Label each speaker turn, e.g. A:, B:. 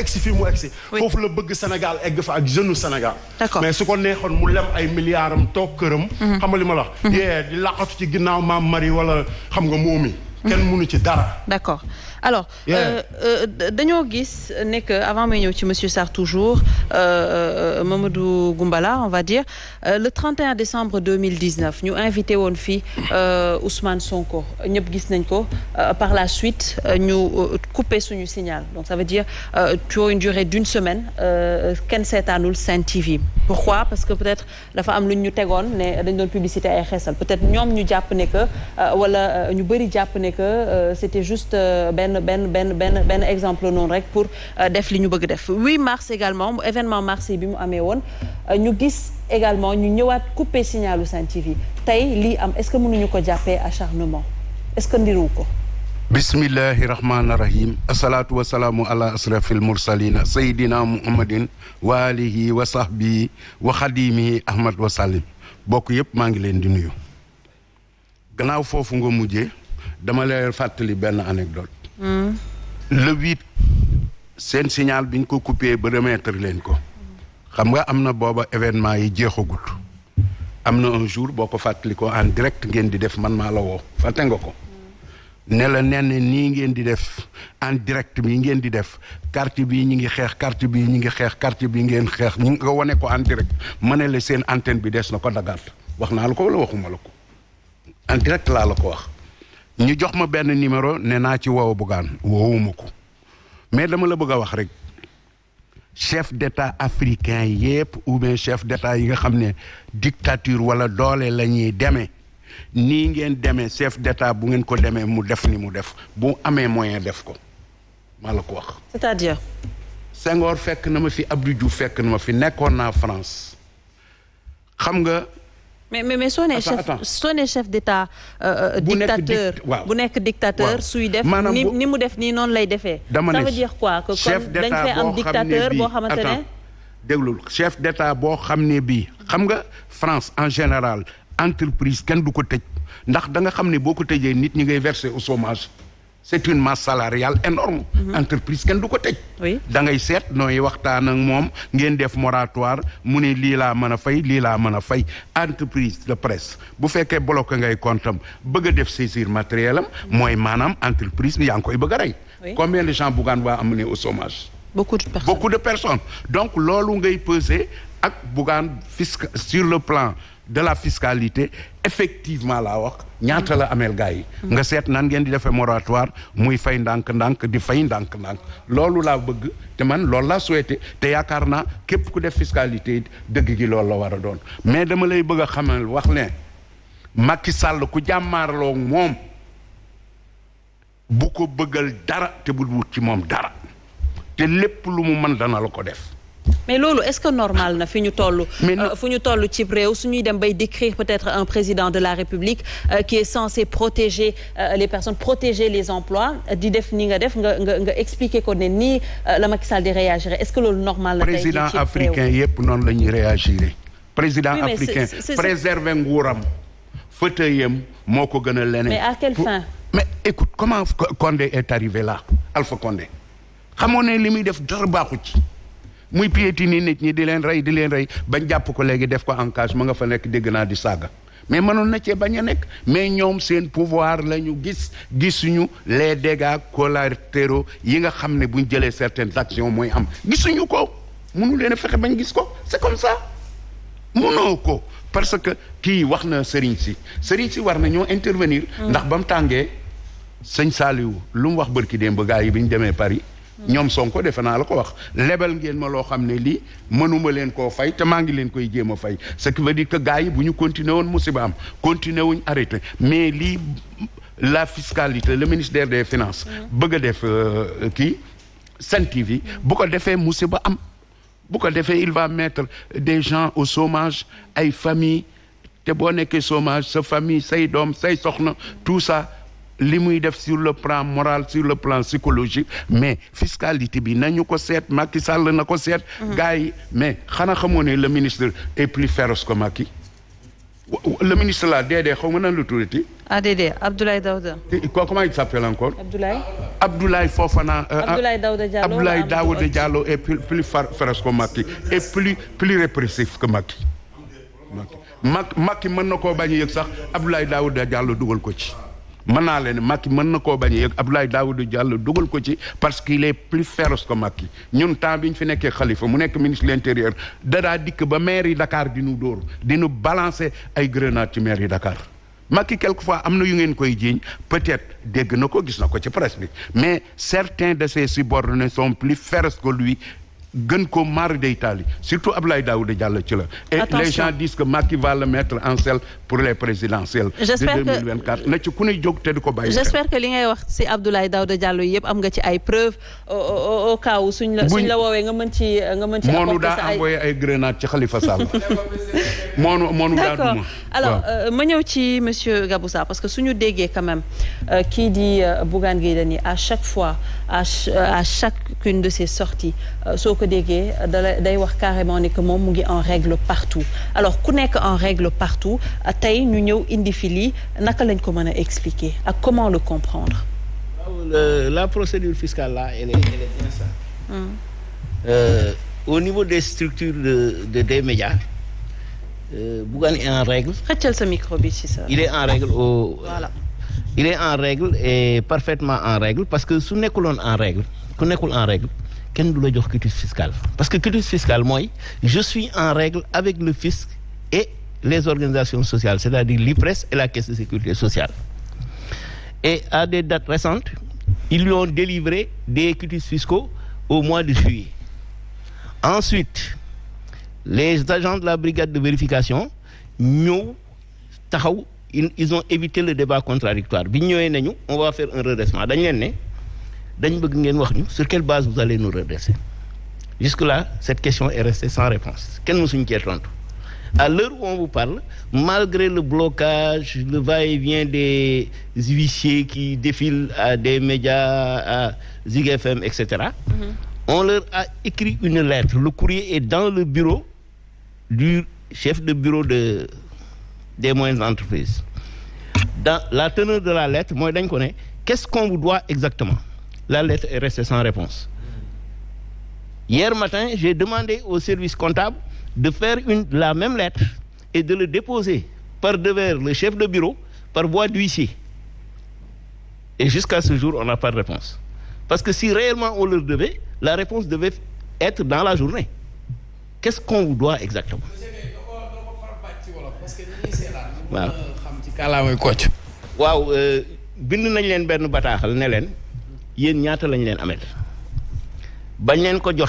A: egsi fii mu egsi foofu la bëgg Sénégal egg fa ak jeune Sénégal mais su ko neexoon mu lem ay milliards am toog këram mhm. xam nga li ma la mhm. yee di laqatu ci ginnaaw maam Marie wala xam nga moomi mhm. kenn mënu ci dara
B: d'accord alors euh, euh, dañoo gis nekk avant may ñëw ci monsieur Sarr toujours euh, euh Mamadou Goumbala on va dire euh, le 31 décembre 2019 ñu invité woon fii euh, Ousmane Sonko ñëpp gis nañ ko par la suite ñu coupé suñu signal donc ça veut dire tu as une durée d'une semaine kenn seetaanul Sen TV pourquoi parce que peut-être dafa am lu ñu tegoon ne dañ doon publicité ay xeesal peut-être ñoom ñu jàpp ne que wala ñu bëri jàpp ne que c'était juste benn benn benn benn benn benn exemple noonu rek pour euh, def li ñu bëgg def 8 mars également événement mars bi mu amee woon euh, ñu gis également ñu ñëwaat couper signalu Sen tey lii am est-ce que ñu ko jàppee acharnement est-ce que ndiru ko
A: bismillahi rahmaani rahim asalaatu wasalaamu ala asrafil mursalina sayidina muhammadin wa alihi wa sahbihi wa xadimihi ahmad wa salim bokk yépp maa ngi leen di nuyu gannaaw foofu nga mujjee dama lay fàttali benn anecdote le seen signal bi ñu ko coupé ba leen ko xam nga am na booba événement yi jeexagut am na un jour boo ko fàttali ko en direct ngeen di def man maa la woo fàtte nga ko ne la nen nii ngeen di def en direct bi ngeen di def carte bii ñu ngi xeex carte bii ñu ngi xeex carte bii ngeen xeex ñu ngi ko wane ko en direct ma ne la seen antenne bi des na ko dagaat wax naa la ko wala waxuma la ko en direct laa la ko wax ñu jox ma benn numéro ne naa ci woowu Bougane woowuma ko mais dama la bëgg wax rek chef d'état africain yépp oubien chef d'état yi nga xam ne dictature wala doole la ñuy demee nii ngeen demee chef d'état bu ngeen ko demee mu def ni mu def bu amee moyen def ko maa la ko wax.
B: cest
A: fekk na ma fi Abdou Diouf fekk na ma fi nekkoon naa France xam
B: nga. mais mais mais soo nee chef soo nee chef d'état euh, euh, dictateur bu nekk dictateur suy def ni ni mu def nii noonu lay defee ça veut dire quoi que comme dañ fee am dictateur boo xamante ne
A: déglul chef d'état boo xam ne bii xam nga France en général entreprise kenn du ko tëj ndax danga xam ne boo ko tëjee nit ñi ngay verser au chômage c'est une masse salariale énorme mhm. entreprise kenn du ko tëj da ngay seet nooy waxtaan ak moom ngeen def moratoire mu ne lii laa mën a fay lii laa mën a fay entreprise de presse bu fekkee bloqué ngay comptam bëgg a def saisir matériel am mhm. mooy maanaam entreprise bi yaa ngi koy bëgg a rey combien de gens Bougane waa amener au chômage beaucoup de donc loolu ngay peser ak Bougane fisc sur le plan de la fiscalité effectivement laa wax ñaata la ameel gars yi. nga seet nan ngeen di defee moratoire muy fay ndànk-ndànk di fay ndànk-ndànk loolu laa bëgg te man loolu laa souhaité te yaakaar naa képp ku def fiscalité dëgg gi loolu la war a doon mais dama lay bëgg a xamal wax ne Macky sàll ku jàmmaarloo moom bu ko bëggal dara te bul wut ci moom dara te lépp lu mu mën dana la ko def.
B: mais loolu est-ce que normal na fi ñu toll euh, fu ñu toll ci réew suñuy dem bay décrire peut-être un président de la République euh, qui est censé protéger euh, les personnes protéger les emplois di def ni nga def nga nga nga expliquer ko ne nii euh, la Macky Sall di réagir est-ce que loolu normal na président africain
A: yëpp noonu la ñuy réagir président oui, africain préserver nguuram fauteuilam moo ko gën a leneen mais à quelle fin mais écoute comment Condé est arrivé là Alpha Condé xamoo li muy def dara baaxu ci muy nii nit ñi di leen rey di leen rey bañ jàpp ko léegi def ko en cage nga fa nekk dégg naa di saaga mais manoon na cee bañ a nekk mais ñoom seen pouvoir la ñu gis gisuñu les dégâts collatéraux yi nga xam ne buñ jëlee certaines actions mooy am gisuñu ko mënu leen a fexe bañ gis ko c'est comme ça mënoo ko parce que kii wax na sëriñ si sëriñ si war na ñoo intervenir mm. ndax ba mu tàngee sëñ Saliou lu mu wax bërki démb gaa yi bi ñu demee Paris ñoom Sonko defe naa la ko wax lebal ngeen ma loo xam ne lii mënuma leen koo fay te maa ngi leen koy jéem a fay ce qui veut dire que gars yi bu ñu continuer woon musiba am continuer wuñ arrêté mais lii la fiscalité le ministère des finances bëgg a def euh, kii Sen TV bu ko defee musiba am bu ko defee il va mettre des gens au chômage ay famille te boo nekkee chômage sa famille say doom say soxna tout ça li muy def sur le plan moral sur le plan psychologique mais fiscalité bi nañu ko seet Macky Sall na ko seet. Mhm. gars yi mais xanaa xamoo ne le ministre est plus féroce ko Macky. le ministre la déedéet xaw ma nan lu tuddati.
B: ah déedéet Abdoulaye
A: ko comment il s'appelle encore. Abdoulaye. Abdoulaye Fofana. Euh, ah, Abdoulaye
B: Daouda Diallo Abdoulaye Daouda
A: Diallo est plus plus féroce que Macky et plus répressif que Macky. Macky Macky mën na koo bañ a yëg sax Abdoulaye Daouda Diallo dugal ko ci. mën naa leen Macky mën na koo bañ a yëg Abdoulaye Daouda Diallo dugal ko ci parce qu'il est plus féroce que Macky ñun temps bi ñu fi nekkee xalifa mu nekk ministre de l'intérieur dadaa dikk ba maire yi Dakar di nu dóor di nu balancer ay grenade ci maire yi Dakar Macky quelquefois am na yu ngeen koy jiiñ peut-être dégg na ko gis na ko ci presse bi mais certains de ses subordonnés sont plus féroces que lui gën ko mari day taali surtout Abdoulaye Daouda Diallo ci la. et les gens disent que Macky va le mettre en selle pour les présidentielles. de 2024 na ci ku ne jóg te di ko bàyyi. j'espère
B: que li ngay wax si Abdoulaye Daouda Diallo yëpp am nga ci ay preuves au cas où suñ la suñ la woowee nga mën ci nga mën ci. moonu daa envoyé
A: ay grenade ci Khalifa Sall. moonu moonu daa duma alors
B: euh, ma ñëw ci monsieur Gaboussa parce que suñu déggee quand même euh, kii di euh, Bougane Gueye Dany à chaque fois à à chacune de ses sorties. ko déggee da day wax carrément ni que moom mu ngi en règle partout alors ku nekk en règle partout tey ñu ñëw indi fi lii naka lañ ko mën a expliquer ak comment le comprendre.
C: waaw la procédure fiscale là elle est elle euh, au niveau des structures de de des médias. Euh, Bougane est en règle.
B: xëccal sa en règle
C: en règle et parfaitement en règle parce que su nekkuloon en règle ku nekkul en règle. kenn du la jox quitus fiscal parce que quitus fiscal mooy je suis en règle avec le fisc et les organisations sociales c'est-à-dire l'IPRES et la caisse de sécurité sociale et à des dates récentes ils lui ont délivré des quitus fiscaux au mois de juillet ensuite les agents de la brigade de vérification ñëw taxaw ils ont évité le débat contradictoire bi ñëwee nañu on va faire un redressement dañ leen ne dañu bëgg ngeen wax ñu sur quelle base vous allez nous redresser jusque là cette question est restée sans réponse kenn mësuñu cee tontu à l'heure où on vous parle malgré le blocage le va-et-vient des huissiers qui défilent à des médias à Zig et cetera mm-hmm. on leur a écrit une lettre le courrier est dans le bureau du chef de bureau de des moyens entreprises dans la teneur de la lettre mooy dañ ko ne qu'est-ce qu'on vous doit exactement la lettre est restée sans réponse. Hier matin, j'ai demandé au service comptable de faire une, la même lettre et de le déposer par devers le chef de bureau par voie d'huissier. Et jusqu'à ce jour, on n'a pas de réponse. Parce que si réellement on leur devait, la réponse devait être dans la journée. Qu'est-ce qu'on vous doit exactement? waaw. waaw euh, bind nañ leen benn bataaxal ne leen. yéen ñaata lañ leen amel bañ leen ko joxe